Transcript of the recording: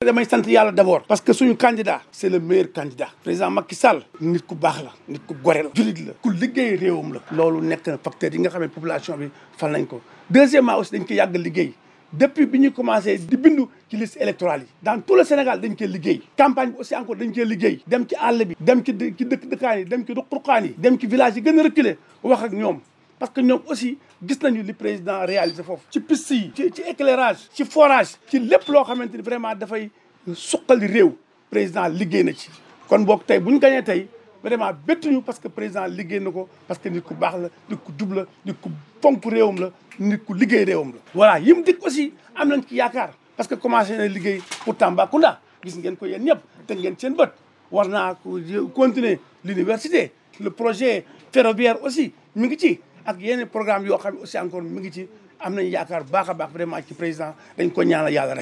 damay sant yàlla d'abord parce que suñu candidat c'est le meilleur candidat président Macky Sall nit ku baax la nit ku gore la jullit la ku liggéey réewam la loolu nekk na facteur yi nga xam ne population bi fal nañ ko deuxièmement aussi dañ ko yàgg liggéey depuis bi ñu commencé di bindu ci liste électorale yi dans tout le Sénégal dañ cee liggéey campagne bi aussi encore dañ cee liggéey dem ci àll bi dem ci ci dëkk dëkkaan yi dem ci ruq ruqaan yi dem ci village yi gën a reculé parce que ñoom aussi gis nañu li président réalisé foofu ci piste yi ci ci éclairage ci forage ci lépp loo xamante ni vraiment dafay suqali réew président liggéey na ci kon boog tey bu ñu gañee tey vraiment bettuñu parce que président liggéey na ko parce que nit ku baax la nit ku jub la nit ku fonk réewam la nit ku liggéey réewam la voilà yi mu dikk aussi am nañ ci yaakaar parce que commencé na liggéey pour Tambacounda gis ngeen ko yéen ñëpp te ngeen seen bët war naa ko continuer l'université le projet ferroviaire aussi mi ngi ci ak yeneen programme yoo xam ne aussi encore mi ngi ci am nañu yaakaar baax a baax vraiment ci président dañ ko ñaanal